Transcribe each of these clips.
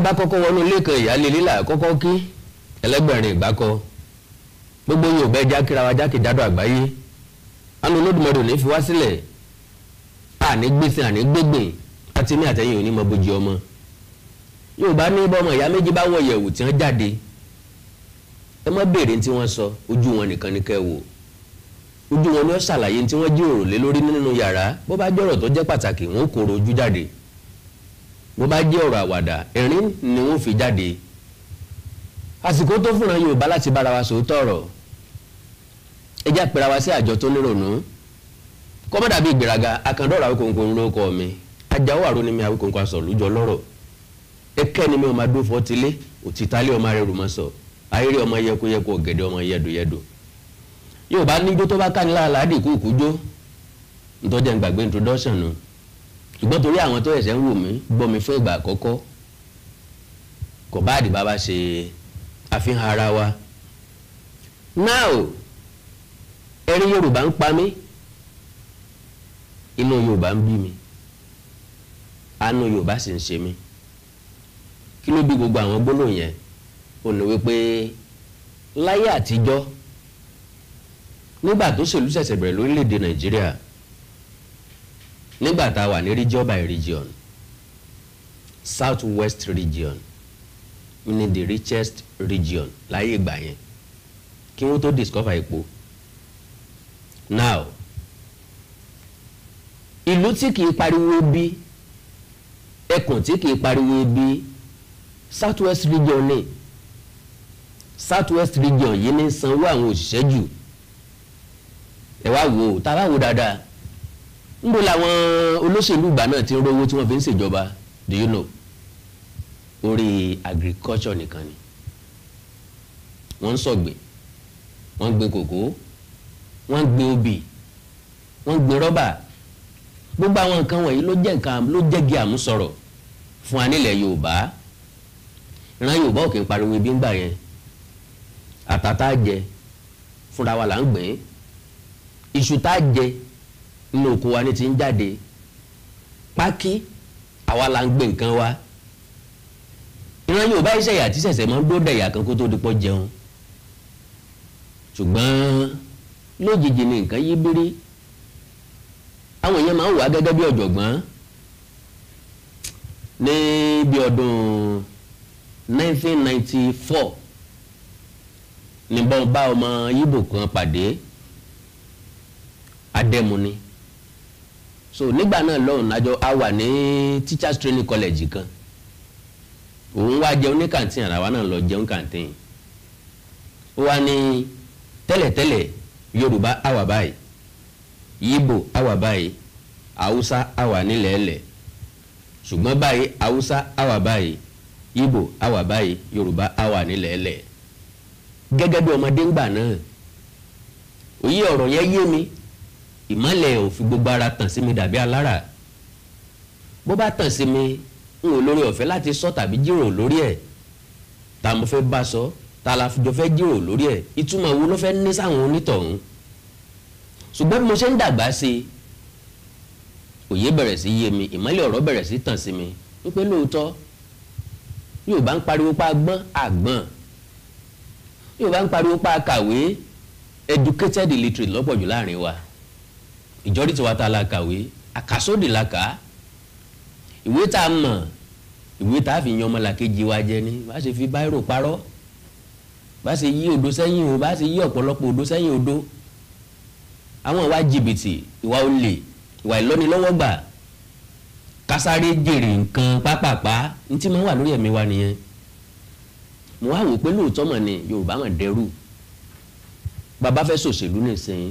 bá a bá kọ́kọ́ wọnú ilé kan ìyáálé lílà kọ́kọ́ kí ẹlẹ́gbẹ̀rin ìbákọ́ gbogbo Yorùbá ẹja kíra wa jákèjádò àgbáyé àánú Olódùmarè ò ní fi wá sílẹ̀ àní gbèsè àní gbégbìn àti ní àtẹ̀yìn òní mọ bójú ọmọ Yorùbá ní bọ́mọ ìyá méjì bá wọ ìyẹ̀wù tí wọ́n jáde ẹ má béèrè tí wọ́n sọ ojú wọn nìkan ní kẹ́ wò ojú wọn ni ó ṣàlàyé tí wọ́n jíròrò lé lórí nínú yàrá bó bá jọ̀rọ̀ tó jẹ́ pàtàkì wọn ó kóró ojú jáde bó bá jẹ́ ọ̀rọ̀ àwàdà ẹ̀rín ni wọ́n fi jáde àsìkò tó fúnra Yorùbá láti bára wa sòótọ́ ọ̀rọ̀ ẹ jẹ́ àpẹẹrẹ wa sí àjọ tó nírònú kọ́ mọ́ dàbí ìgbéraga akandọ́rọ̀ Awíkòǹkò ń lóko mi ajáwó àrùn ni mi Awíkòǹkò asọ̀ lójọ lọ́rọ̀ ẹkẹ́ ni mi ọmọ adó fọ́tílé òtítálé ọmọ arẹrù mọ́ sọ ayéré ọmọ yẹkuyẹku ọ̀gẹ̀dẹ̀ ọmọ yẹdùyẹdù Yorùbá níjó tó bá ká ní láàlá ntọ́jà ń gbàgbé introduction nù ṣùgbọ́n torí àwọn tó ẹ̀sẹ̀ ń wò mí gbọ́ mi fún ìgbà àkọ́kọ́ kò bá àdìbá bá ṣe àfihàn ara wa now ẹ̀rín Yorùbá ń pa mí inú Yorùbá ń bí mi àánú Yorùbá sì ń ṣe mí kí ló bí gbogbo àwọn gbólóhùn yẹn ó ní wípé láyé àtijọ́ nígbà tó ṣèlú ṣẹ̀ṣẹ̀ bẹ̀rẹ̀ lórílẹ̀‐èdè Nàìjíríà nígbà tá a wà ní region by region south west region ni the richest region láyé ìgbà yẹn kí wọ́n tó discover epo now ìlú tí kì í pariwo bí ẹkùn tí kì í pariwo bí south west region ni south west region yìí ní sanwó àwọn òṣìṣẹ́ jù ẹ wá wò ó tá bá wò dáadáa níbo làwọn olóṣèlú ìgbà náà ti ń rówó tí wọ́n fi ń ṣèjọba do you know orí agriculture nìkan ni wọ́n ń sọ̀gbìn wọ́n ń gbin kòkó wọ́n ń gbin obì wọ́n ń gbin rọ́bà gbogbo àwọn nǹkan wọ̀nyí ló jẹ́ nǹkan ló jẹ́gi àmúsọ̀rọ̀ fún wa nílẹ̀ Yorùbá ìran Yorùbá ò kì í pariwo ibi ń gbà yẹn àtàtà jẹ fúnra wa là ń gbìn iṣu tá jẹ nínú oko wa ní ti ń jáde pákí àwa la ń gbé nǹkan wa ìran Yorùbá iṣẹ́ ìyà tí ṣẹ̀ṣẹ̀ máa ń gbó dẹ̀yà kan kó tó di pọ́ jẹun ṣùgbọ́n lójijì ni nǹkan yí bírí àwọn èèyàn máa ń wà gẹ́gẹ́ bí ọ̀jọ̀gbọ́n ní bí ọdún 1994 ni bọ́n bá ọmọ Yíbò kan pàdé adẹ́mu ni so nígbà náà lọ́hùn àjọ a wà ní teachers training college kan òun wá jẹun ní kàǹtìn àràwá náà lọ jẹun kàǹtìn ó wá ní tẹ́lẹ̀tẹ́lẹ̀ yorùbá a wà báyìí yibo a wà báyìí haúsá a wà nílẹ̀ẹ́lẹ̀ ṣùgbọ́n báyìí haúsá a wà báyìí yíbò a wà báyìí yorùbá a wà nílẹ̀ẹ́lẹ̀ gẹ́gẹ́ bí ọmọdé ńgbà náà òye ọ̀rọ̀ yẹn yé mi ìmọ̀lẹ̀ ò fi gbogbo ara tàn sí mi dàbí alára bó bá tàn sí mi n ò lórí ọ̀fẹ́ láti sọ tàbí jíròrò lórí ẹ̀ tá mo fẹ́ bá sọ tá a la fẹ́ jíròrò lórí ẹ̀ ìtumọ̀ wo ló fẹ́ ní sáwọn onítọ̀hún ṣùgbọ́n mo ṣe ń dàgbà sí i òye bẹ̀rẹ̀ sí yé mi ìmọ̀lẹ̀ ọ̀rọ̀ bẹ̀rẹ̀ sí tàn sí mi ń pé lóòótọ́ Yorùbá ń pariwo pa agbọ́n àgbọ̀n Yorùbá ń pariwo pa akàwé educated literate lọ́pọ̀ jù láàrin wa ìjọ́rí tiwa tá a la kàwé àkàsódì la kà á ìwé tá a mọ̀ ìwé tá fi yan ọmọlàkejì wa jẹ ni bá a ṣe fi báírò parọ́ bá a ṣe yí odò sẹ́yìn o bá a ṣe yí ọ̀pọ̀lọpọ̀ odò sẹ́yìn odò àwọn ìwà jìbìtì ìwà olè ìwà ìlọ́nilọ́wọ́gbà kásáré jèrè nǹkan pápápá ní tí mo wà lórí ẹ̀mí wa nìyẹn mo wá wò pé lóòótọ́ mọ̀ ni Yorùbá mọ̀ dẹrú bàbá fẹ́ ṣòṣèlú nìsín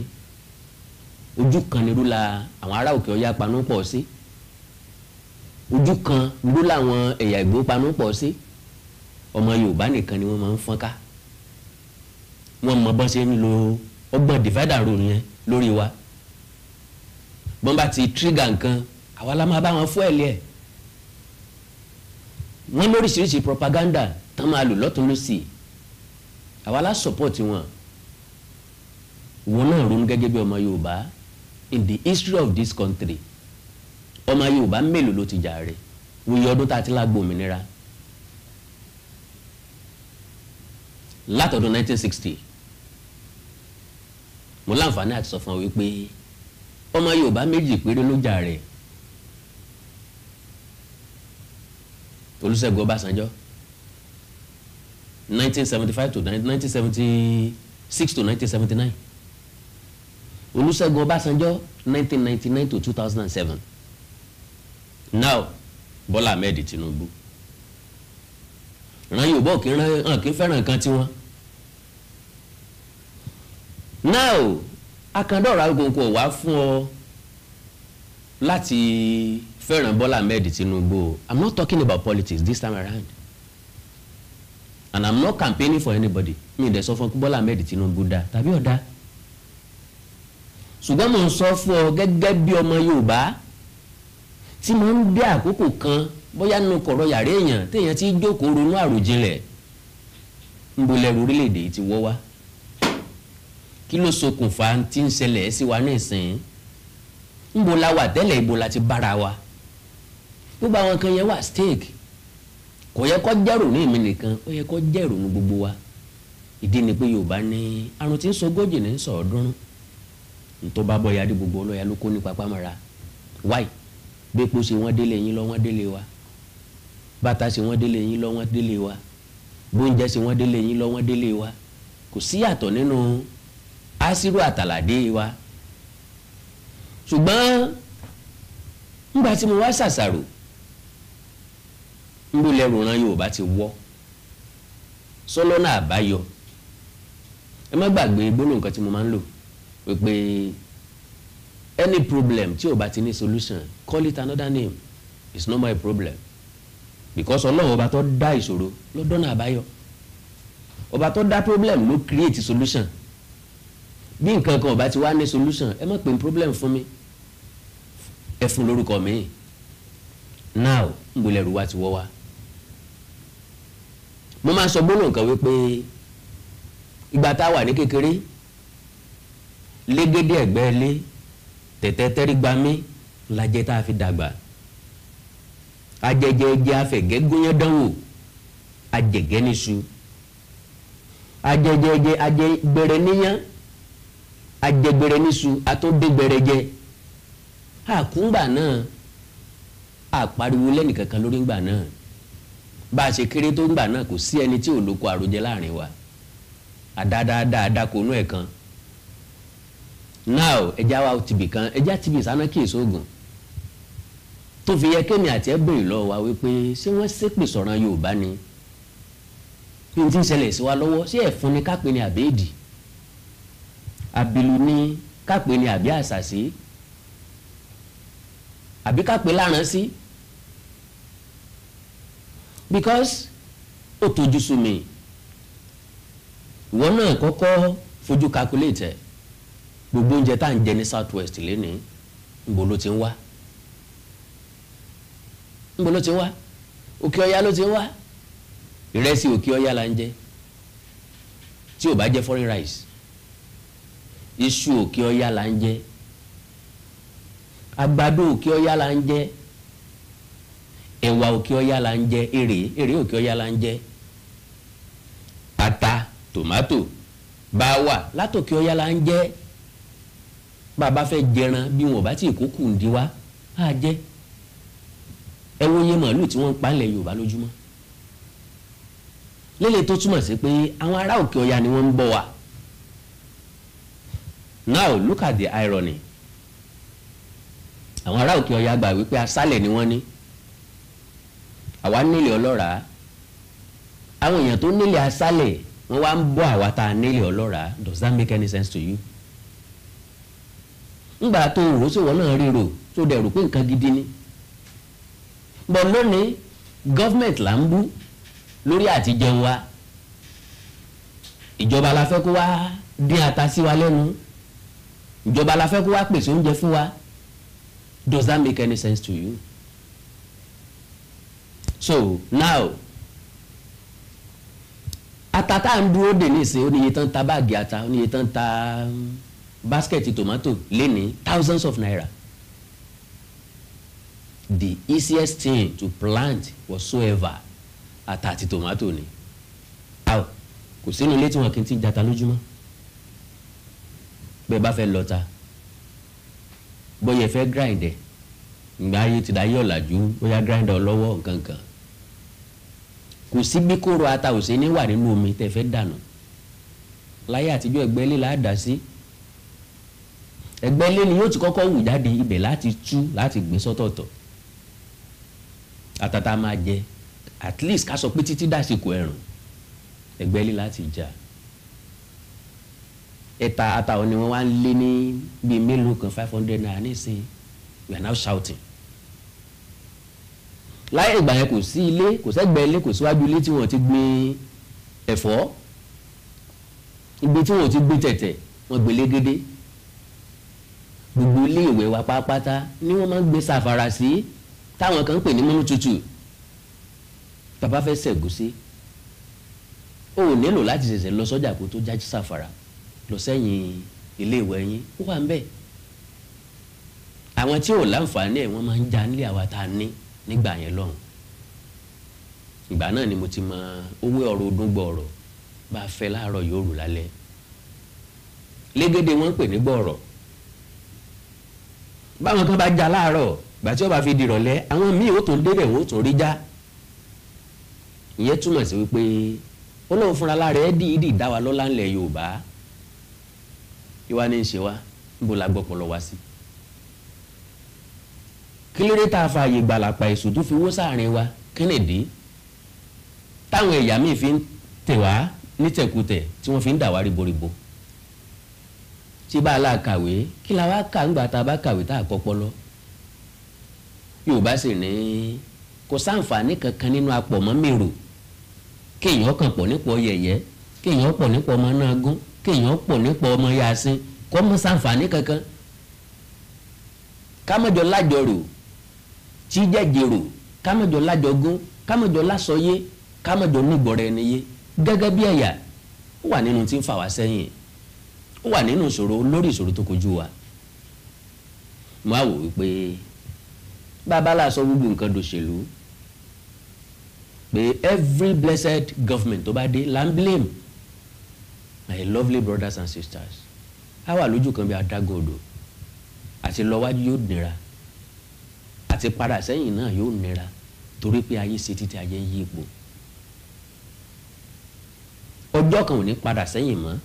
ojú kan ni rúlà àwọn ará òkè ọ̀yà panú pọ̀ sí ojú kan rúlà àwọn ẹ̀yà ìgbó panú pọ̀ sí ọmọ yorùbá nìkan ni wọ́n máa ń fọ́n ká wọ́n mọ bọ́n ṣe ń lo ọgbọ́n divider rule yẹn lórí wa bọ́n bá ti trigger nǹkan àwa la máa bá wọn fún ẹ̀ lẹ́ẹ̀ wọ́n lóríṣiríṣi propaganda tán máa lò lọ́tún lọ́sì àwa la support wọn wọn náà ronú gẹ́gẹ́ bí ọmọ yorùbá in the history of this country ọmọ Yorùbá mélòó ló ti jàre wòye ọdún tá a ti lágbo òmìnira látọdún 1960 mo láǹfààní àti sọ fún ọ wípé ọmọ Yorùbá méjì péré ló jàre Olúṣẹ́gun Ọbásanjọ́ 1975 to 1976 to 1979. Olúṣẹ́gun Ọbásanjọ́ nineteen ninety nine to two thousand and seven now Bọ́lá Ahmed Tinubu ran Yorùbá kì í ran hàn kì í fẹ́ràn kan tiwọn now akandọ̀rọ̀ agogo wá fún ọ láti fẹ́ràn Bọ́lá Ahmed Tinubu I'm not talking about politics this time around and I'm not campaigning for anybody mi ì dẹ̀ sọ fún Bọ́lá Ahmed Tinubu dá tàbí ọ̀dá ṣùgbọ́n mò ń sọ fún ọ gẹ́gẹ́ bí ọmọ Yorùbá tí mo ń dé àkókò kan bóyá nínú kọ̀rọ̀ yàrá èèyàn téèyàn ti jókòó ronú àròjinlẹ̀ níbo lẹ́rù orílẹ̀-èdè yìí ti wọ́ wá kí ló ṣokùnfà tí ń ṣẹlẹ̀ sí wa nísìn níbo la wà tẹ́lẹ̀ ibo la ti bára wa gbogbo àwọn kan yẹn wà stake kò yẹ kó jẹ́rò ní èmi nìkan ó yẹ kó jẹ́rò ní gbogbo wa ìdí ni pé Yorùbá ní àrùn tí ń sọ gójì ní sọ̀ọ́dúnrún. So ntọ́ba bọ̀ yá dé gbogbo ọlọ́yà ló kó ní papá mọ́ra wáì bí epo ṣe wọ́n délé yín lọ wọ́n délé wa bàtà ṣe wọ́n délé yín lọ wọ́n délé wa bóúnjẹ ṣe wọ́n délé yín lọ wọ́n délé wa kò síyàtọ̀ nínú àṣírò àtàlàdé wa ṣùgbọ́n ńgbà tí mo wá ṣàṣàrò ńgbò lẹ́rù ran Yorùbá ti wọ́ sọlọ́nà àbáyọ ẹ má gbàgbé gbólóhùn kan tí mo máa ń lò wípé any problem tí o bá ti ní solution call it another name it's not my problem because ọlọ́run ọba tó dá ìṣòro ló dọ́nà àbáyọ ọba tó dá problem ló create solution bí nǹkan kan ọba ti wá ní solution ẹ má pè ní problem fún mi ẹ fún lórúkọ mi now ń gbolẹ̀ rú wa ti wọ́ wa mo máa sọ gbólóǹkan wípé ìgbà tá a wà ní kékeré légédé ẹ̀gbẹ́ ilé tẹ̀tẹ̀ tẹ́rígbámí lajẹ tá a fi dàgbà ajẹjẹ jẹ afẹgẹ gúnyẹdánwò ajẹgẹ níṣu ajẹjẹ jẹ ajẹ gbẹrẹ níyàn ajẹgbẹrẹ níṣu atọdẹgbẹrẹ jẹ àkúngbà náà àpariwo lẹ́nìkankan lórí ngbà náà bá a ṣe kéré tó ngbà náà kò sí ẹni tí ò lóko àròjẹ láàrin wa àdáadáa dáadáa kò nú ẹ̀ kan now ẹja wa tìbì kan ẹja tìbì sáná kì í sóògùn tó fi yẹ kémi àti ẹ bèrè lọ wa wípé ṣé wọ́n ṣépè sọ̀rọ̀ Yorùbá ni kí n ti ń ṣẹlẹ̀ sí wa lọ́wọ́ ṣé ẹ̀fọn ni kápẹ́ ni àbẹ́ẹ̀dì àbìlù ni kápẹ́ ni àbí àṣàṣe àbí kápẹ́ láràn sí because ó tójú sú mi ìwọ náà kọ́kọ́ fojú calculate gbogbo oúnjẹ tá à ń jẹ ní south west lénìí ńbo ló ti ń wá ńbo ló ti ń wá òkè ọya ló ti ń wá ìrẹsì òkè ọya la ń jẹ tí ò bá jẹ foreign rice iṣu òkè ọya la ń jẹ àgbàdo òkè ọya la ń jẹ ẹ̀wà òkè ọya la ń jẹ èrè èrè òkè ọya la ń jẹ ata tomato báwa látòkè ọya la ń jẹ bàbá fẹ́ jẹran bí wọn ò bá tí ì kó kùndí wá á jẹ ẹ wo iye màálù tí wọ́n ń pa ilẹ̀ Yorùbá lójúmọ́ lélẹ̀ tó túmọ̀ sí pé àwọn ará òkè ọya ni wọ́n ń bọ̀ wá now look at the irony àwọn ará òkè ọya gbà wípé aṣálẹ̀ ni wọ́n ní àwa nílé ọlọ́ràá àwọn èèyàn tó nílé aṣálẹ̀ wọ́n wá ń bọ́ àwa tá a ọlọ́ràá does that make any sense to you? ńgbà tó rò sí wọn náà ríro tó dẹ̀ pé nǹkan gidi ni bọ̀ lónìí gọ́fìmẹ̀tì là ń bú lórí àtijẹun wa ìjọba la fẹ́ kó wá dín ata sí wa lẹ́nu ìjọba la fẹ́ kó wá pèsè oúnjẹ fún wa does that make any sense to you so now ata tá à ń dúró dè ní ìsìn ó ta báàgì ata ó ta. Um, basket tomato lé ní thousands of naira the easiest thing to plant whatsoever àtàtì tomato ni how kò sínú ilé tí wọn kì í ti jata lójúmọ́ bẹ́ẹ̀ bá fẹ́ lọ́ta bóyá fẹ́ grind ẹ̀ ìgbà ayé ti dá yé ọ̀làjú bóyá grind ọ̀ lọ́wọ́ nkankan kò sí bí kóró ata ò sí ní wà nínú omi tẹ̀ fẹ́ dànù láyé àtijọ́ ẹgbẹ́ líla dà sí. Si ẹ̀gbẹ́ ilé ni yóò ti kọ́kọ́ wù jáde ibẹ̀ láti tú láti gbé sọ́tọ̀ọ̀tọ̀ àtàtà máa jẹ at least ká sọ pé títí dàsìkò ẹ̀rùn ẹ̀gbẹ́ ilé láti jà ẹ̀ta àtàwọn ni wọ́n wá ń lé ní bíi mélòó kan five hundred naira nísìn we are now shouting láyé ìgbà yẹn kò sí ilé kò sẹ́gbẹ́ ilé kò síwájú ilé tí wọ́n ti gbé ẹ̀fọ́ ibi tí wọ́n ti gbé tẹ̀tẹ̀ wọ́n gbé légédé gbogbo iléèwé wa pátápátá ni wọ́n máa ń gbé sàfàrà sí táwọn kan ń pè ní múnú tutù bàbá fẹ́ sẹ̀gúsí o ò nílò láti ṣẹ̀ṣẹ̀ lọ sọ́jà kó tó jájí sàfàrà lọ sẹ́yìn iléèwé yín ó wà ń bẹ̀ àwọn tí ò láǹfààní ẹ̀ wọ́n máa ń já nílé àwa tá a ní nígbà yẹn lọ́hùn ìgbà náà ni mo ti mọ owó ọ̀rọ̀ ọdún gbọ̀ọ̀rọ̀ bá a fẹ́ láàárọ̀ yóò rù lálẹ́ lẹ́gẹ́dẹ́ wọ́n pè ní gbọ̀ọ̀rọ̀ báwọn kan bá já láàárọ̀ gbàtí ó bá fi dìrọ̀lẹ́ àwọn míì ó tún débẹ̀ wọ́n ó tún rí já ìyẹn túmọ̀ sí wípé ọlọ́run fúnra lára ẹ̀ dìídì dá wa lọ́lá ńlẹ̀ yorùbá ìwà ni ń ṣe wa níbo la gbọ́ pọ̀lọ́ wa sí. kílódé tá a fa àyè gbàlàpà èṣù tó fi wó sáàrin wa kẹ́nẹ̀dé táwọn ẹ̀yà míì fi ń tẹ̀ wá nítẹ̀kùtẹ̀ tí wọ́n fi ń dà wá ríboríbo tí bá a la kàwé kí la wá kà ńgbà tá a bá kàwé tá a kọ́ pọ́lọ́ yorùbá sì ní kò sáǹfààní kankan nínú apọ̀mọ́mìrò kéèyàn kàn pọ̀ nípò yẹ̀yẹ́ kéèyàn pọ̀ nípò ọmọ náà gún kéèyàn pọ̀ nípò ọmọ yasin kò mọ sáǹfààní kankan kámẹ́jọ lájọrò tí jẹ́jẹ̀rò kámẹ́jọ lájọgún kámẹ́jọ lásọyé kámẹ́jọ nígbọ̀rẹ́ ẹniyé gẹ́gẹ́ bí ẹ̀yà ó wà nínú tí ń fà wá sẹ́yìn ó wà nínú ìṣòro lórí ìṣòro tó kojú wa mo á wò wípé bàbá la sọ gbogbo nǹkan dòṣèlú pé every blessed government tó bá dé la ń blame my lovely brothers and sisters á wà lójú kan bí adágòdò àti lọ́wájú yóò nira àti padà sẹ́yìn náà yóò nira torí pé ayé ṣe títí ayé ń yí ipò ọjọ́ kan ò ní padà sẹ́yìn mọ́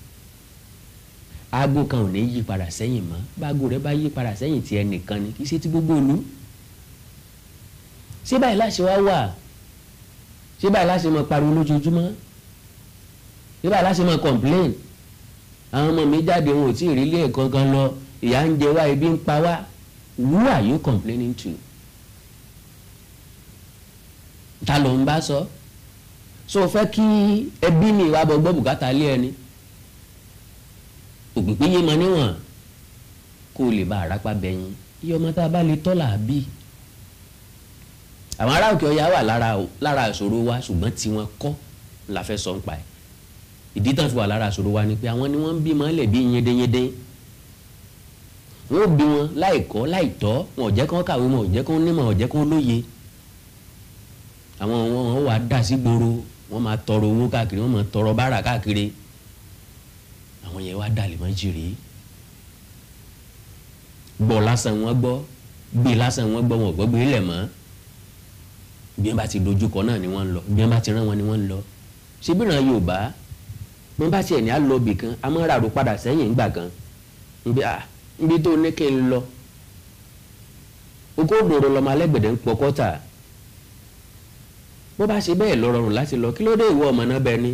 aago kan ò ní yí padà sẹ́yìn mọ́ báago rẹ bá yí padà sẹ́yìn ti ẹnìkan ni kì í ṣe ti gbogbo ìlú ṣé báyìí láṣẹ wá wà ṣé báyìí láṣẹ máa pariwo lójoojúmọ́ ṣé báyìí láṣẹ máa complain àwọn ọmọ mi jáde wọn ò tí ì rí ilé ẹ̀kọ́ kan lọ ìyà ń jẹ wá ebi ń pa wá who are you complaining to ta ló ń bá sọ so fẹ́ kí ẹbí mi wá bọ́ gbọ́ bùkátà lé ẹni ògùn péye mọ níwọ̀n kó o lè ba àràpá bẹ̀yìn iye ọmọ tá a bá lè tọ́ là á bí àwọn ará òkè ọya wà lára ìṣòro wa ṣùgbọ́n tiwọn kọ́ la fẹ́ sọ ń ẹ̀ ìdí tán fi wà lára ìṣòro wa ni pé àwọn ni wọ́n ń bí mọ́lẹ̀ bí yẹndẹ́yẹndẹ́ wọ́n bí wọn láìkọ́ láìtọ́ wọn ò jẹ́ kí wọ́n kàwé wọn ò jẹ́ kí nímọ̀ ò jẹ́ kí lóye àwọn wọn wà dà sí gbòòrò wọ́n máa tọrọ owó káàkiri wọ́n máa tọrọ báárà káàkiri àwọn yẹn wá dalẹ̀ mọ́ jìrì gbọ́ lásán wọ́n gbọ́ gbé lásán wọ́n gbọ́ wọn ò gbọ́ gbé lẹ̀ mọ́ bí wọ́n bá ti dojúkọ náà ni wọ́n ń lọ bí wọ́n bá ti rán wọn ni wọ́n ń lọ ṣé bí ràn Yorùbá bí wọ́n bá tiẹ̀ ní alọ́bì kan a máa ràrò padà sẹ́yìn ńgbà kan nbí a nbí tó ní kí lọ oko òdòdó lọmọ alẹ́gbẹ̀dẹ̀ ń pọ̀ kọ́tà bó bá ṣe bẹ́ẹ̀ lọ láti lọ kí ló dé ìwọ ọmọ náà bẹ ní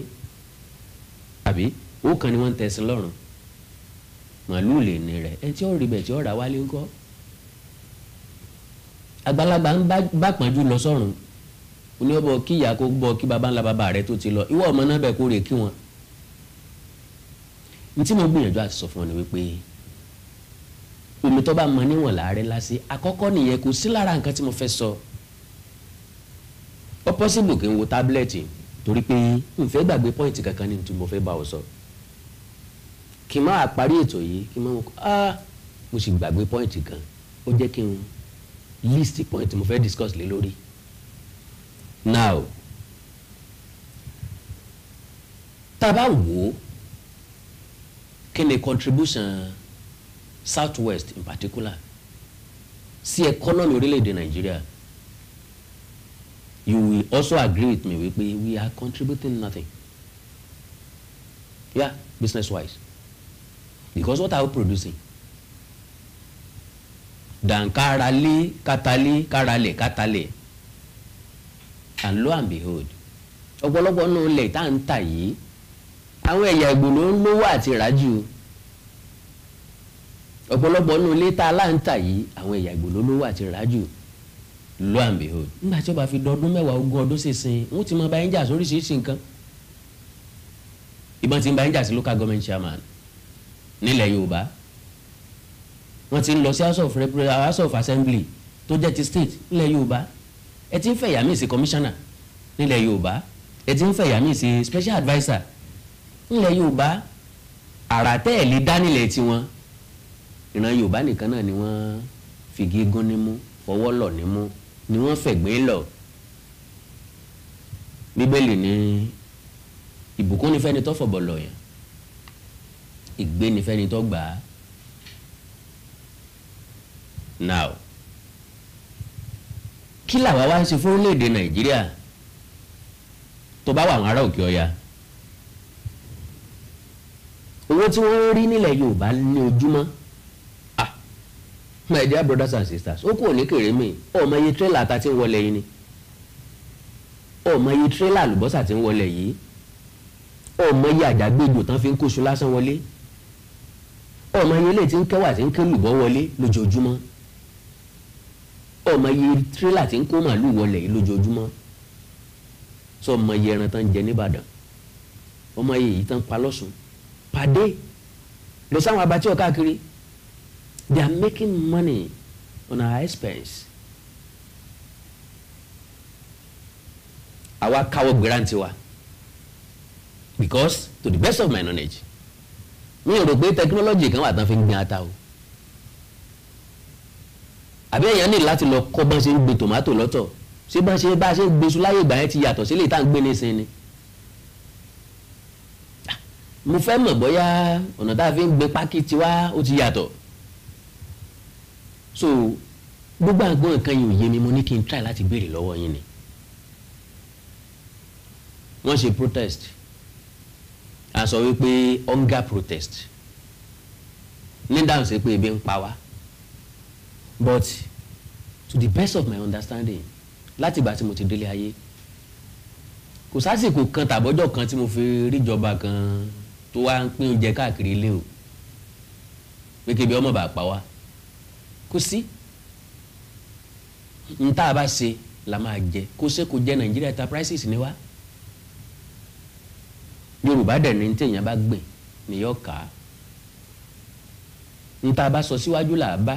ó kàn ní wọn ń lọrùn lọ́rùn màálù lè ní rẹ̀ ẹni tí ó rí bẹ̀ tí ó rà wálé ńkọ́ àgbàlagbà ń bá pọ́njú lọ sọ́run ó ní ọbọ kí ìyá kó gbọ́ kí baba ńlá baba tó ti lọ ìwọ ọmọ náà bẹ̀ kó rè kí wọn ní mo gbìyànjú àti sọ fún ọ ni wípé omi tó bá mọ sọ ó pọ́sibù kí n wo tábìlẹ̀tì kankan ní kí n máa parí ètò yìí kí n máa ah mo sì gbàgbé pọ́ìntì kan ó jẹ́ kí n list point mo fẹ́ discuss lé lórí now tá wo, bá kí ni contribution south west in particular sí economy orílẹ̀-èdè nàìjíríà you will also agree with me wípé we are contributing nothing yeah business wise because what are we producing than káralé kátálé káralẹ̀ kátálẹ̀ and lo and behold ọ̀pọ̀lọpọ̀ nù lẹ̀ tá à ń tà yìí àwọn ẹ̀yà Ìgbò ló ń lówó àti ràjù ọ̀pọ̀lọpọ̀ nù lẹ̀ tá a là ń tà yìí àwọn ẹ̀yà Ìgbò ló lówó àti ràjù lo and behold nígbà tí ó bá fi dọdún mẹ́wàá ogún ọdún sísìn wọ́n ti mọ báyìí ń jà sóríṣiríṣi nǹkan ìbọn ti ń báyìí ń jà sí local government chairman nílẹ̀ yorùbá wọ́n ti ń lọ sí house of representatives house of assembly tó jẹ́ ti state nílẹ̀ yorùbá ẹ ti ń fẹ̀yà míì sí commissioner nílẹ̀ yorùbá ẹ ti ń fẹ̀yà míì sí special adviser nílẹ̀ yorùbá àrà tẹ́ ẹ̀ lè dá nílẹ̀ tiwọn ìran yorùbá nìkan náà ni wọ́n fìgì gún nímú fọwọ́ ni nímú ni wọ́n fẹ̀gbẹ́ lọ̀ bíbélì ni ìbùkún ni fẹ́ni tó fọ̀bọ̀ lọ̀ yẹn ìgbénifẹ́ni tó gbà á now kí làwa wá ṣe fún orílẹ̀-èdè nàìjíríà tó bá wà àwọn ará òkè ọya owó tí wọ́n ń rí nílẹ̀ yorùbá ní ojúmọ́ ah my dear brothers and sisters ó kúrò ní kèrèmí ọmọ iye tírélà ata ti ń wọlé yìí ni ọmọ iye tírélà àlùbọ́sà ti ń wọlé yìí ọmọ iye àjàgbéjò tán fi ń kóṣù lásán wọlé ọmọ yẹn lè ti ń kẹwà tí ń kẹ lùbọ́ wọlé lójoojúmọ́ ọmọ yẹn tírélà tí ń kó màálù wọlé lójoojúmọ́ sọ ọmọ yẹn ẹran tán jẹ nìbàdàn ọmọ yẹn yìí tán pa lọ́sùn pàdé lọ sáwọn abatí ọ̀ they are making money on our expense. àwa káwọ́ gbéra ń tiwa because to the best of my knowledge mi rò pé tẹkinọ́lọ́jì kan wà tán fi ń gbin ata o àbí èèyàn ní láti lọ kọ́ bá ṣe ń gbin tòmátò lọ́tọ̀ ṣé bá ṣe bá ṣe ń gbin iṣu láyé ìgbà yẹn ti yàtọ̀ sí lè tá à ń gbé nísìn ni mo fẹ́ mọ̀ bóyá ọ̀nà tá a fi ń gbin pákí tiwa ó ti yàtọ̀ so gbogbo àgbọn nǹkan yìí ò yé mi mo ní kí n try láti béèrè lọ́wọ́ yín ni wọ́n ṣe protest a sọ wípé hunger protest ní dáhùn sí pé ebi ń pa wá but to the best of my understanding láti ìgbà tí mo ti délé ayé kò sásìkò kan tàbọ́jọ́ kan tí mo fi ríjọba kan tó wá ń pín oúnjẹ káàkiri ilé o pé kébi ọmọ bá pa wá kò sí n tá a bá ṣe la máa jẹ kó ṣe kó jẹ Nàìjíríà ta ni wá yorùbá dẹ̀ ní téèyàn bá gbìn nìyọ́ kà á níta bá sọ síwájú là á bá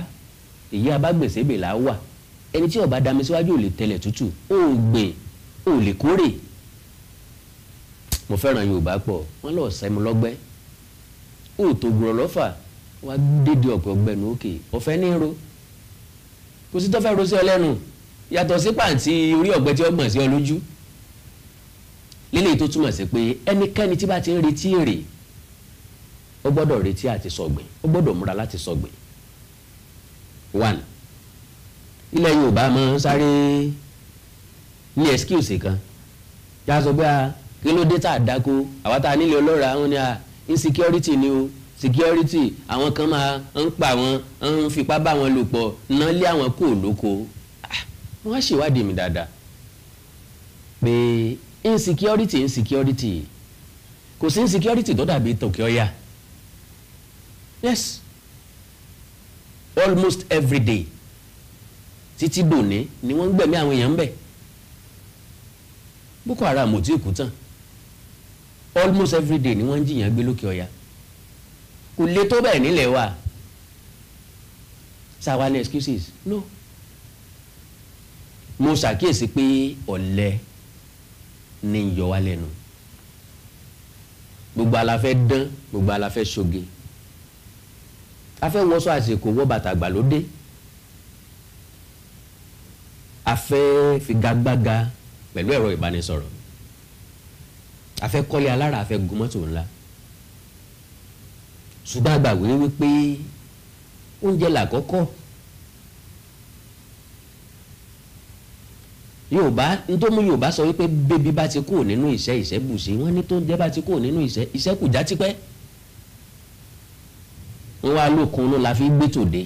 èyí abágbèsè bè là á wà ẹni tí ọba dami síwájú ò lè tẹlẹ̀ tútù ó gbìn ó lè kórè mo fẹ́ràn yorùbá pọ̀ wọ́n lọ sẹ́mu lọ́gbẹ́ ó tó lọ́fà wá dédé ọ̀pẹ ọgbẹ́nu òkè ọ̀fẹ́ ní ro kò sí tọ́fẹ́ ro sí ọ lẹ́nu yàtọ̀ sí pàǹtí orí ọ̀gbẹ́ tí ó gbọ̀n sí ọ lójú lélẹ́yìí tó túmọ̀ sí pé ẹnikẹ́ni tí bá ti ń retí èrè ó gbọ́dọ̀ retí àti sọ̀gbìn ó gbọ́dọ̀ múra láti sọ̀gbìn one ilẹ̀ Yorùbá máa ń sáré ní excuse kan yà sọ pé a kí ló dé tá a dáko àwa tá a nílé ọlọ́ra wọn ni a insecurity ni o security àwọn kan máa ń pa wọn ń fipá bá wọn lò pọ̀ náà lé àwọn kò lóko ah, wọ́n á ṣèwádìí mi dáadáa pé insecurity insecurity kò sí insecurity tó dàbí tòkè ọ̀yà yes almost every day títí dòní ni wọ́n ń gbẹ̀mí àwọn èèyàn ń bẹ̀ Boko Haram ò tí ì kú tán almost every day ni wọ́n ń jìyàn gbé lókè ọ̀yà kò le tó bẹ́ẹ̀ nílẹ̀ wa sáwa ní excuses no mo ṣàkíyèsí pé ọ̀lẹ ní ń yọ wá lẹ́nu gbogbo aláfẹ́ dán gbogbo aláfẹ́ ṣoge afẹ́ wọṣọ àsìkò wọ bàtà gbàlódé afẹ́ figagbága pẹ̀lú ẹ̀rọ ìbánisọ̀rọ̀ afẹ́ kọ́lé alára afẹ́ gun mọ́tò ńlá ṣùgbọ́n àgbà wí wípé oúnjẹ làkọ́kọ́ yorùbá ntòmú yorùbá sọ wípé bébí bá ti kúrò nínú ìṣẹ́ ìṣẹ́ bùsí wọ́n ní tó ń jẹ́ bá ti kúrò nínú ìṣẹ́ ìṣẹ́ kù já tipẹ́ wọ́n wá lókun ló la fi gbé tòde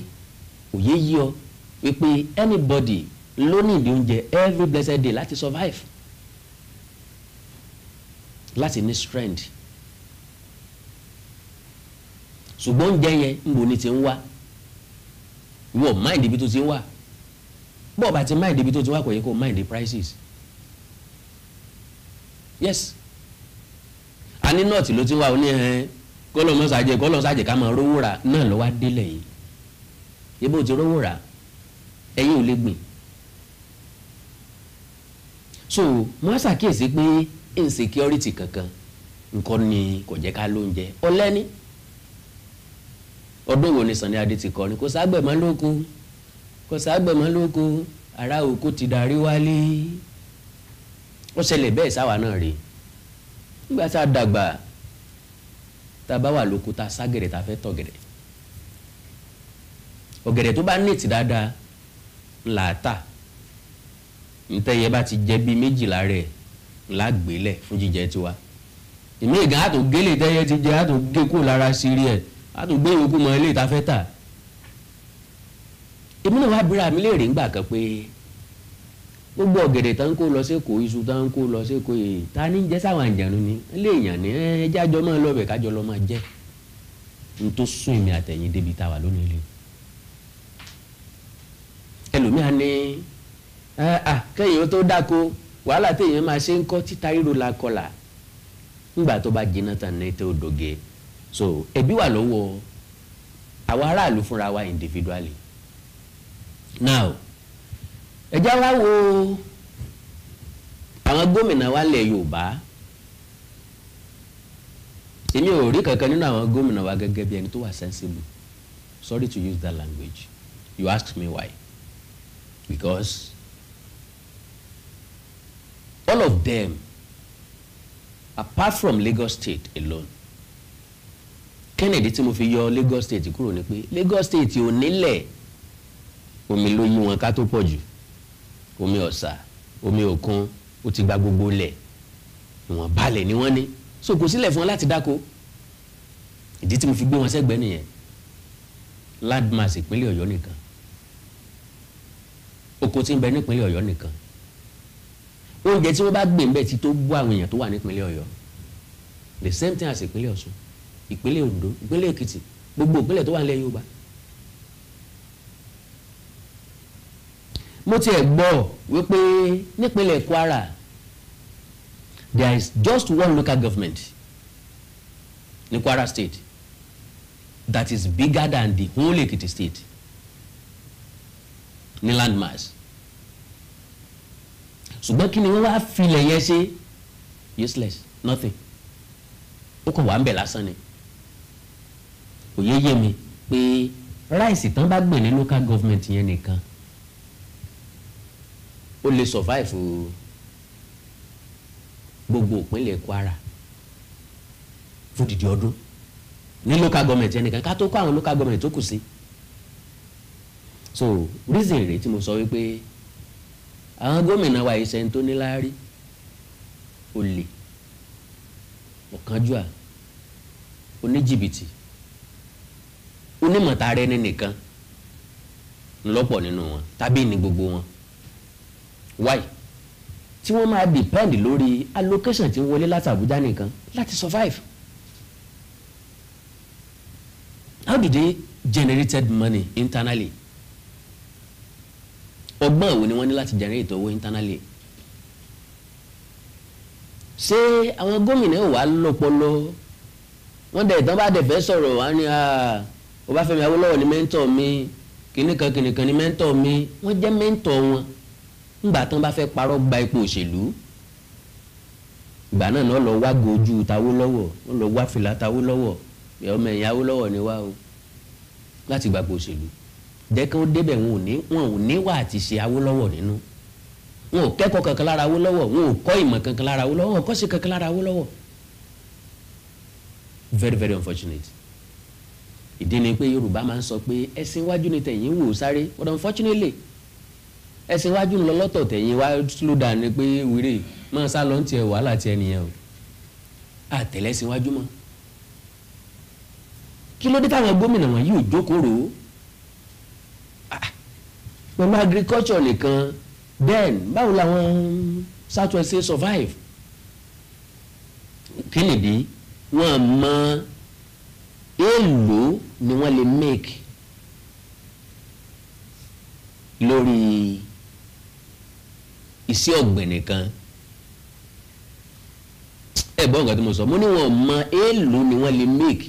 òye yí ọ wípé anybody ló ní ìdí oúnjẹ every blessed day láti survive láti ní strength ṣùgbọ́n oúnjẹ yẹn ń bo ni ti ń wá wọ́n mind ibi tó ti ń wá bó o ti mind ibi tó ti wá kò yẹ kó mind the prices yes A ní nọ́ọ̀tì ló ti wá oní ẹ kọ́lọ́ mọ́sàájẹ kọ́lọ́ sàájẹ ká máa rówó rà náà lọ́wọ́ délẹ̀ yìí yẹ́bí o ti rówó rà ẹ̀yin ò lè gbìn so wọ́n ṣàkíyèsí pé insecurity kankan nǹkan ni kò jẹ́ ká lóúnjẹ ọlẹ́ni ọdún wo ni Sunny Adé ti kọrin kò ságbẹ̀ máa lóko. kò ságbẹ̀mọ́ lóko ará òkú ti darí wálé ó ṣẹlẹ̀ bẹ́ẹ̀ sáwa náà rèé nígbà tá a dàgbà tá a bá wà lóko tá a ságẹ̀rẹ̀ tá a fẹ́ tọ̀gẹ̀rẹ̀ ọ̀gẹ̀dẹ̀ tó bá nẹ̀tì dáadáa ńlá ta ntẹ̀yẹ bá ti jẹ́ bíi méjìlá rẹ̀ ńlá gbélẹ̀ fún jíjẹ tiwa ìmí ìgá àtò gélé tẹ́yẹ ti jẹ́ àtò gé kúrò lára sírí ẹ̀ àtò gbé ìyókù mọ́ ilé ìta fẹ́ tà èmi náà wàá bíra mi léèrè ńgbà kan pé gbogbo ọ̀gẹ̀dẹ̀ tán kó lọ sékòó iṣu tán kó lọ sékòó yìí ta ní jẹ́ sáwọn àjànú ni lè yàn ní ẹjẹ́ àjọ máa lọ bẹ̀ kájọ lọ máa jẹ́ n tó sún èmi àtẹ̀yìn débi tá a wà lónìí lé ẹlòmíà ní kẹ́yìn ó tó dáko wàhálà téèyàn máa ṣe ń kọ́ títa ríro la kọlà ńgbà tó bá jiná tán ní tó dòge so ẹbí wà lọ́wọ́ àwa aráàlú fúnra wa individually now ẹ já wá wo àwọn gómìnà wa lẹ̀ Yorùbá èmi ò rí kankan nínú àwọn gómìnà wa gẹ́gẹ́ bí ẹni tó wà sensible sorry to use that language you ask me why because all of them apart from Lagos State alone kennedy tí mo fi yọ Lagos State kúrò ni pé Lagos State ò nílẹ̀ omi ló yí wọn ká tó pọ̀ jù omi ọ̀sà omi òkun ó ti gba gbogbo lẹ̀ ìwọ̀n balẹ̀ ni wọ́n ní so kò sílẹ̀ fún wọn láti dáko ìdí tí mo fi gbé wọn sẹ́gbẹ̀ẹ́ nìyẹn landmass ìpínlẹ̀ ọ̀yọ́ nìkan oko tí ń bẹ nípínlẹ̀ ọ̀yọ́ nìkan oúnjẹ tí wọ́n bá gbé ń bẹ ti tó bọ́ àwọn èèyàn tó wà nípínlẹ̀ ọ̀yọ́ the same thing as ìpínlẹ̀ ọ̀ṣun ìpínlẹ̀ oǹdó ìpínlẹ̀ èkìtì gbogbo ìpínlẹ̀ tó wà nílẹ̀ yorùbá mo tiẹ̀ gbọ́ wípé nípínlẹ̀ Kwara there is just one local government ní Kwara state that is bigger than the whole Ekiti state ní landmass ṣùgbọ́n kí ni wọ́n wá filẹ̀ yẹn ṣe useless nothing ó kàn wá ń bẹ̀ lásán ni òye yé mi pé ráìsì tán bá gbìn ní local government yẹn nìkan ó lè survive gbogbo ìpínlẹ̀ Kwara fún didi ọdún ní local government ẹnìkan ká tó kó àwọn local government tó kù sí so reason rèé tí mo sọ wípé àwọn gómìnà wa ìṣẹ́ tó ní láárí olè ọ̀kánjúà oníjìbìtì onímọ̀tara ẹni nìkan ńlọ́pọ̀ nínú wọn tàbí ní gbogbo wọn why tí wọ́n máa depend lórí allocation tí ń wọlé láti Àbújá nìkan láti survive how do they generated money internally ọgbọ́n wo ni wọ́n ní láti generate owó internally ṣé àwọn gómìnà wà lọ́pọlọ wọ́n dẹ̀ ìtàn bá dẹ̀ fẹ́ sọ̀rọ̀ wá ní ah, Ọbáfẹ́mi Awólọ́wọ̀ ni mẹ́ńtọ̀ mi kìnìkan kìnìkan ni mẹ́ńtọ̀ mi wọ́n jẹ́ mẹ́ńtọ̀ wọn ńgbà tán bá fẹ́ parọ́ gba ipò òṣèlú ìgbà náà náà lọ wá gojú tawó lọ́wọ́ wọ́n lọ wá fìlà tawó lọ́wọ́ ọmọ ẹ̀yìn awó lọ́wọ́ ni wá o láti gba ipò òṣèlú dẹ́kẹ́ ó débẹ̀ wọn ò ní wọn ò ní wà àti ṣe awó lọ́wọ́ nínú wọn ò kẹ́kọ̀ọ́ kankan lára awó lọ́wọ́ wọn ò kọ́ ìmọ̀ kankan lára awó lọ́wọ́ wọn ò kọ́ sí kankan lára awó lọ́wọ́ very very unfortunate ìdí ni pé Yorùbá máa ń sọ pé ẹsẹ̀ iwájú ni tẹ̀yìn wò sáré but unfortunately ẹsẹ̀ wájú ń lọ lọ́tọ̀ tẹ̀yìn wá slow down ni pé wéré máa sá lọ ń tiẹ̀ wàhálà tiẹ̀ nìyẹn o àtẹ̀lẹ́sẹ̀ wájú mọ́ kí ló dé táwọn gómìnà wọn yóò jókòó rò ó ah, pẹ̀lú agriculture nìkan then báwo làwọn southwest ṣe survive Kennedy nìdí wọn mọ èèlò ni wọn lè make lórí iṣẹ́ ọ̀gbìn nìkan ẹ gbọ́ nǹkan tí mo sọ mo ní wọn mọ èèlò ni wọ́n lè make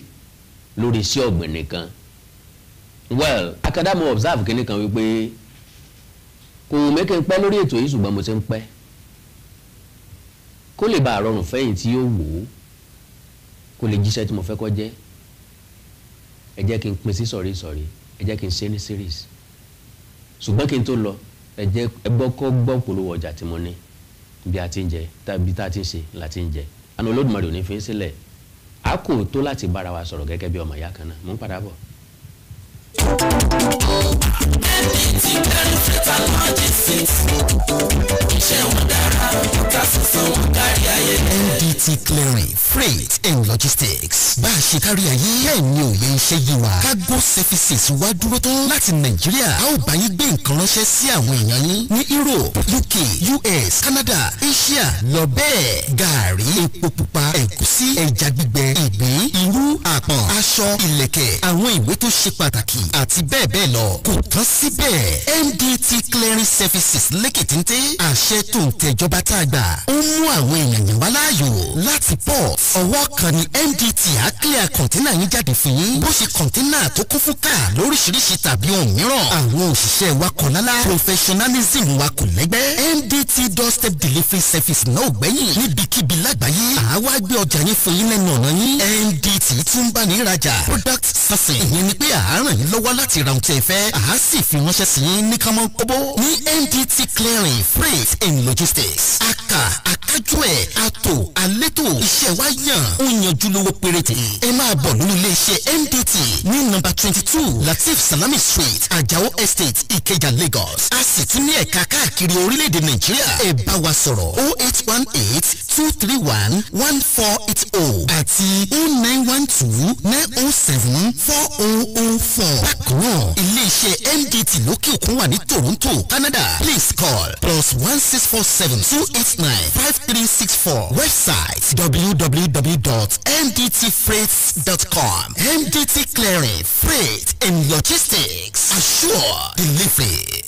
lórí iṣẹ́ ọ̀gbìn nìkan well akadamo observe kínní kan wípé kò wù mí kí n pẹ́ lórí ètò yìí ṣùgbọ́n mo ti ń pẹ́ kó lè bá àrọ̀rùn fẹ́yìn tí yóò wò ó kó lè jíṣẹ́ tí mo fẹ́ kọ́ jẹ́ ẹ jẹ́ kí n pín sí sọ̀rí sọ̀rí ẹ jẹ́ kí n ṣe ní series ṣùgbọ́n kí n tó lọ ẹ jẹ́ ẹ gbọ́ kọ́ gbọ́ polówó ọjà tí mo ní bí a ti ń jẹ tàbí tá a ti ń ṣe la ti ń jẹ àná olódùmarè ò ní fi ń sílẹ̀ a kò tó láti bára wa sọ̀rọ̀ gẹ́gẹ́ bí ọmọ ìyá kan náà mò ń padà bọ̀. Ẹni tí dẹ́nu fẹ́ta lọ́jì sí. Iṣẹ́ wọn dára, ọ̀tá funfun wọn kárí ayé. NDT Clearing Freight and Logistics bá a ṣe kárí ayé bẹ́ẹ̀ ni òye iṣẹ́ yìí wa. Cargo services wá dúró tán láti Nàìjíríà. A ó bá yín gbé nǹkan ránṣẹ́ sí àwọn èèyàn yín ní Europe, UK, US, Canada, Asia lọ bẹ́ẹ̀. Gààrí, epo pupa, ẹ̀gúsí, ẹja gbígbẹ, ìgbín, irú, àpọ̀n, aṣọ, ilẹ̀kẹ̀, àwọn ìwé tó ṣe pàtàkì. À àti bẹ́ẹ̀ bẹ́ẹ̀ lọ kò tán síbẹ̀ MDT clearing services lẹ́kẹ̀tẹ̀ àṣẹ tó ń tẹ̀jọba tá a gbà ó mú àwọn èèyàn wá láàyò láti port ọwọ́ kan ni MDT á clear container yín jáde fún yín bó ṣe container tó kún fún káà lóríṣiríṣi tàbí ohun mìíràn àwọn òṣìṣẹ́ wa kọ̀ lálá professionalism wa kò lẹ́gbẹ́ MDT doorstep delivery service náà ò gbẹ́yìn níbikíbi lágbàáyé àwa gbé ọjà yín fún yín lẹ́nu ọ̀nà yín MDT tún bá ní ìrajà product sourcing ìyẹn ni pé à ń ràn yín lọ́wọ́ lọ́wọ́ láti ra ohun tí ẹ àá sì fi ránṣẹ́ sí yín ní kánmọ́ kóbó ní MDT clearing freight and logistics aka akájú ẹ̀ ato alétò iṣẹ́ wa yàn ó yanjú lówó péréte ẹ máa bọ̀ nínú iléeṣẹ́ MDT ní nọ́mbà twenty two Latif Salami Street Ajao Estate Ikeja Lagos a sì tún ní ẹ̀ka káàkiri orílẹ̀-èdè Nàìjíríà ẹ bá wa sọ̀rọ̀ o oh eight one eight two three one one four eight oh àti o oh nine one two nine oh seven four oh oh four bákan náà iléeṣẹ́ MDT lókè òkun wà ní Toronto Canada please call plus one six four seven two eight nine five three six four website www.mdtfreights.com MDT clearing freight and logistics assure delivery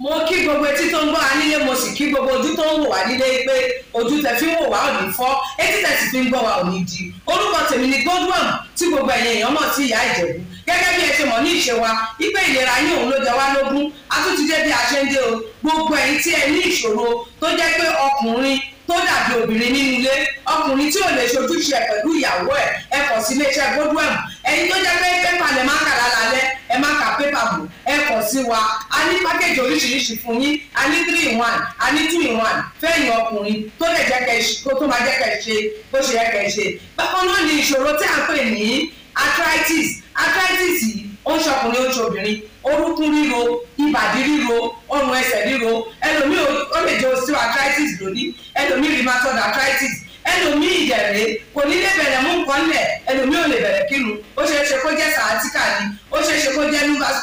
mo kí gbogbo etí tó ń gbọ́ wa nílé mo sì kí gbogbo ojú tó ń wò wá nílé pé ojú tẹ fi ń wò wá ò fọ́ etí tẹ sì fi ń gbọ́ wa ò ní di orúkọ tèmi ni Godwin tí gbogbo ẹ̀yìn èèyàn mọ̀ sí ìyá Ìjẹ̀bú gẹ́gẹ́ bí ẹ ti mọ̀ ní ìṣe wa ipe ìlera yín òun ló jẹ wá lógún a tún ti dé bí a ṣe ń dé o gbogbo ẹ̀yin tí ẹ ní ìṣòro tó jẹ́ pé ọkùnrin tó dàbí obìnrin nínú ilé ọkùnrin tí ò lè ṣojúṣe ẹ pẹ̀lú ìyàwó ẹ ẹ kọ̀ sí iléeṣẹ́ godwell ẹ̀yin tó jẹ́ pé pépà lè má kà lálálẹ́ ẹ má kà pépà bò ẹ kọ̀ sí wa a ní pákéjì oríṣiríṣi fún yín a ní three in one a ní two in one fẹ́yìn ọkùnrin tó lè jẹ́ kẹ́ tó máa jẹ́ kẹ́ ṣe bó ṣe yẹ kẹ́ ṣe bákan náà ni ìṣòro tí à pè ní arthritis arthritis yìí ó ń ṣọkùnrin ó ń ṣobìnrin orúkún ríro ìbàdí ríro ọrùn ẹsẹ̀ ríro ẹlòmíì ó lè jẹ́ osteo arthritis lónìí ẹlòmíì rheumatoid arthritis ẹlòmíì ìdẹ̀rẹ̀ kò ní lè bẹ̀rẹ̀ mú nǹkan lẹ̀ ẹlòmíì ò lè bẹ̀rẹ̀ kínu ó ṣeé ṣe kó jẹ́ sciatica ni ó ṣeé ṣe kó jẹ́ lumbar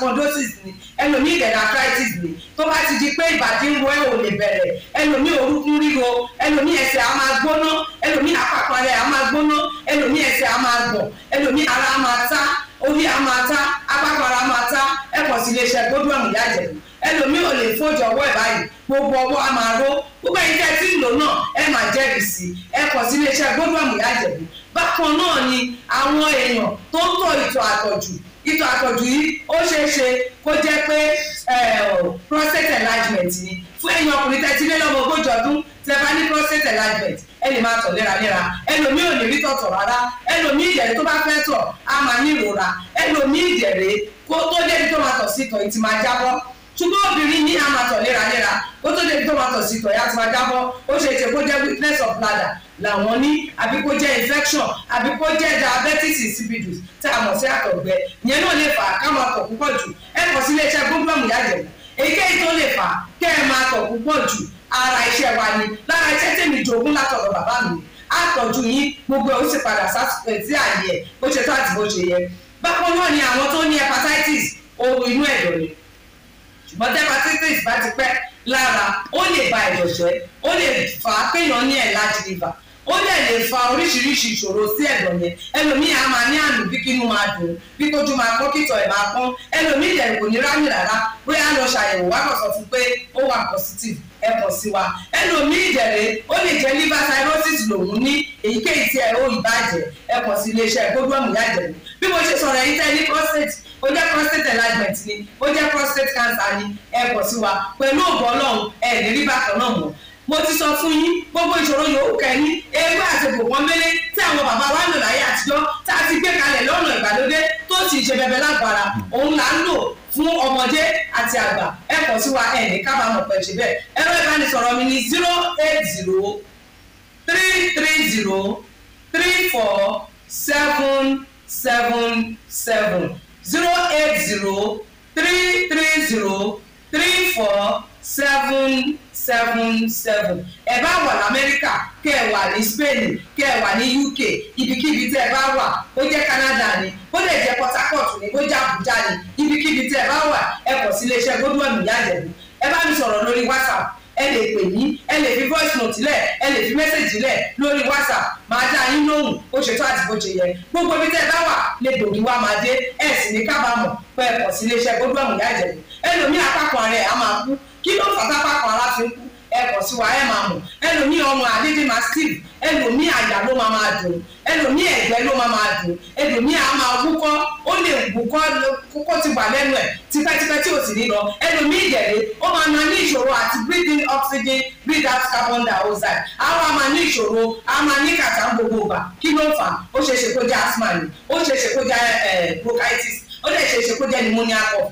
ni ẹlòmíì ìdẹ̀rẹ̀ arthritis ni tó bá ti di pé ìbàdí ń wọ ẹ̀ ò lè bẹ̀rẹ̀ ẹlòmíì orúkún ríro ẹlòmíì ẹsẹ̀ á máa gbóná ẹlòmíì àpapọ̀ rẹ̀ á máa gbóná ẹlòmíì ẹsẹ̀ á máa gbọ̀n ẹlòmíì ara á máa ta orí á máa ta apapọ̀ ara á máa ta ẹ̀pọ̀ sí ilé iṣẹ́ gbódú ọ̀mùyá jẹ̀bù ẹlòmíì ò lè fojú ọwọ́ ẹ̀ báyìí gbogbo ọwọ́ a máa ró gbogbo ẹ̀yin tẹ́ ti ń lò náà ẹ máa jẹ́rìí sí ẹ kàn sí iléeṣẹ́ gbogbo àmì àjẹ̀bù bákan náà ni àwọn èèyàn tó ń tọ̀ ìtọ̀ àtọ̀jù ìtọ̀ àtọ̀jù yìí ó ṣeé ṣe kó jẹ́ pé prostate enlargement ni fún ẹ̀yin ọkùnrin tẹ́ ti lé lọ́mọ ogójì ọdún tẹ́ prostate enlargement ẹ máa tọ̀ léraléra ẹlòmíì ò ní rí tọ̀tọ̀ rárá ẹlòmíì ìjẹ̀rẹ̀ tó bá fẹ́ tọ̀ á máa ní ìrora ẹlòmíì ìjẹ̀rẹ̀ kó tó débi tó máa tọ̀ sí tọ̀ ìtì máa jábọ́ ṣùgbọ́n obìnrin ní a máa tọ̀ léraléra ó tó débi tó máa tọ̀ sí tọ̀yà tí wàá jábọ́ ó ṣe é ṣe kó jẹ́ weakness of bladder làwọn ní àbí kó jẹ́ infection àbí kó jẹ́ diabetes insipidus tí a mọ̀ sí àtọ̀gbẹ yẹn náà lè fà á ká máa tọ̀ púpọ̀ jù ẹ kàn sí iléeṣẹ́ gbọ́ngbọ́n ìyájẹ̀ èyíkéyìí tó lè fà á kẹ́ ẹ máa tọ̀ púpọ̀ jù ara iṣẹ́ wa ni lára iṣẹ́ tèmi jogún látọ̀dọ̀ bàbá mi àtọ̀jú yín gbogbo ẹ̀ ó sì padà sí àyè bó ṣe tó àti bó ṣe yẹ bákan náà ni àwọn tó ní hepatitis ooru inú ẹ̀dọ̀ ni ṣùgbọ́n tí hepatitis bá ti pẹ́ lára ó lè ba ẹ̀dọ̀ jẹ́ ó lè fà á péyàn ní ẹ̀ láti ibà ó dẹ̀ lè fa oríṣiríṣi ìṣòro sí ẹ̀dọ̀ yẹn ẹlòmíì á máa ní àmì bí kínú máa dùn bí kójú máa pọ́n kìtọ̀ ẹ̀ máa pọ́n ẹlòmíì dẹ̀ kò ní rámì rárá bóyá lọ ṣàyẹ̀wò wá kàn sọ fún pé ó wà positive ẹ pọ̀ sí wa ẹlòmíì dẹ̀rẹ̀ ó lè jẹ́ liver cirrhosis lòun ní èyíkéyìí tí ẹ ó ìbàjẹ́ ẹ pọ̀ sí iléeṣẹ́ gbogbo ọ̀mùyá bí mo ṣe sọ̀rọ̀ yìí tẹ́ ní prostate ni ó jẹ́ prostate cancer ni ẹ kọ̀ sí wa pẹ̀lú ògbọ́n ọlọ́run ẹ lè rí bákan náà mọ̀ mo ti sọ fún yín gbogbo ìṣòro yòówù kẹ́ni ewé àti bòbọ́n mélé tí àwọn bàbá wa lò láyé àtijọ́ tá a ti gbé kalẹ̀ lọ́nà ìgbàlódé tó sì ṣe bẹbẹ lágbára òun là ń lò fún ọmọdé àti àgbà ẹ kọ̀ sí wa ẹ ní kábàámọ̀ pẹ̀ ṣe bẹ́ẹ̀ ẹ̀rọ ìbánisọ̀rọ̀ mi ni zero eight zero three three zero three four seven seven seven zero eight zero three three zero three four seven seven seven ẹ bá wà lamẹ́ríkà kẹ́ ẹ wà ní spain kẹ́ ẹ wà ní uk ibikíbi tẹ́ ẹ bá wà ó jẹ́ canada ni ó lè jẹ́ port harcourt ni ó jẹ́ abuja ni ibikíbi tẹ́ ẹ bá wà ẹ kọ̀ sí iléeṣẹ́ gbódúwọ̀n ìyá àjẹ̀bù ẹ bá mi sọ̀rọ̀ lórí whatsapp ẹ lè pè mí ẹ lè fi voice note lẹ̀ ẹ lè fi message lẹ̀ lórí whatsapp máa dá yín lóhùn ó ṣètò àti bó ṣe yẹ gbogbo ibi tẹ́ ẹ bá wà lè gbòógì wá máa dé ẹ sì ní kábàámọ̀ pé ẹ pọ̀ sí iléeṣẹ́ gbogbo àmì ìyá ìjẹ̀bù ẹlòmíì apákan rẹ̀ á máa kú kí ló fàtà apákan ara fi ń kú ẹ̀kọ́ sí wa ẹ̀ máa mọ̀ ẹlòmíì ọmọ àdídì máa steve ẹlòmíì àyà ló máa máa dùn elu ẹ̀gbẹ́ ló máa máa dùn ẹlòmíì á ó lè kókó ti wà lẹ́nu ẹ tipẹ́tipẹ́ tí ò sì ní lọ ẹlòmíì ìjẹ̀lẹ̀ ó máa máa ní ìṣòro àti breathing oxygen breathe out carbon dioxide máa ní asthma ni ó ṣeéṣe kó bronchitis ó dẹ̀ ṣeéṣe kó pneumonia cough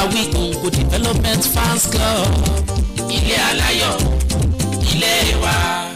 àwí Congo development fans club ilé aláyọ̀ ilé wa.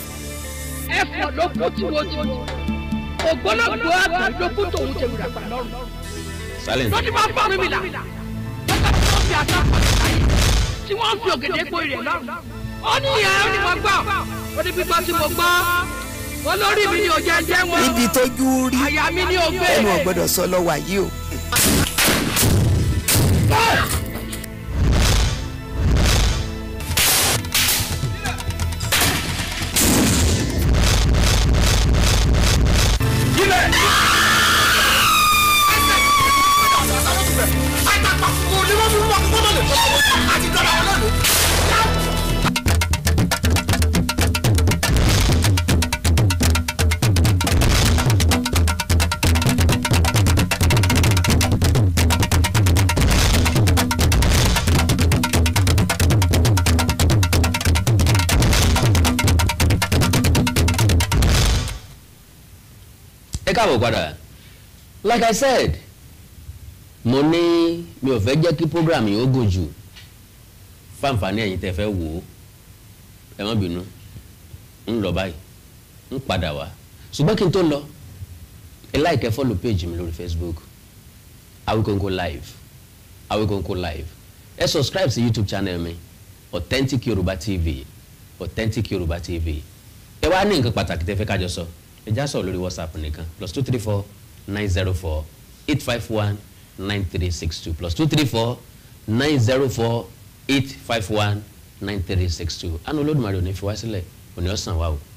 ẹ̀fọ́ ló kú tiwo tiwo ògbólógbòó àgbẹ̀ ló kú tòun tèmi rà pa lọ́rùn. lọ́dí máa ń bọ̀ mí là lọ́dí tó fi àtà pàtàkì ayé tí wọ́n fi ògèdè pò rẹ̀ lọ́rùn. ó ní ìyá ó mo gbọ́ ó ní pípa tí mo gbọ́ wọn mi ni ò jẹ jẹ wọn. níbi tójú rí àyà mi ni ò gbé. ẹnu ò sọ lọ wàyí o. Ah! ẹ káàbọ̀ padà like I said mo ní mi ò fẹ́ jẹ́ kí program yìí ó gùn jù fáǹfààní ẹ̀yin tẹ́ fẹ́ wò ó ẹ má bínú ń lọ báyìí ń padà wá ṣùgbọ́n kí n tó lọ ẹ like ẹ follow page mi lórí Facebook Awikonko live Awikonko live ẹ subscribe sí YouTube channel mi Authentic Yoruba TV Authentic Yoruba TV ẹ wá ní nǹkan pàtàkì tẹ́ fẹ́ kájọ sọ. So ẹ já sọ̀rọ̀ lórí whatsapp nìkan plus two three four nine zero four eight five one nine three six two plus two three four nine zero four eight five one nine three six two àná olódùmarè ò ní fi wá sílẹ̀ ò ní ọ̀sán wa o.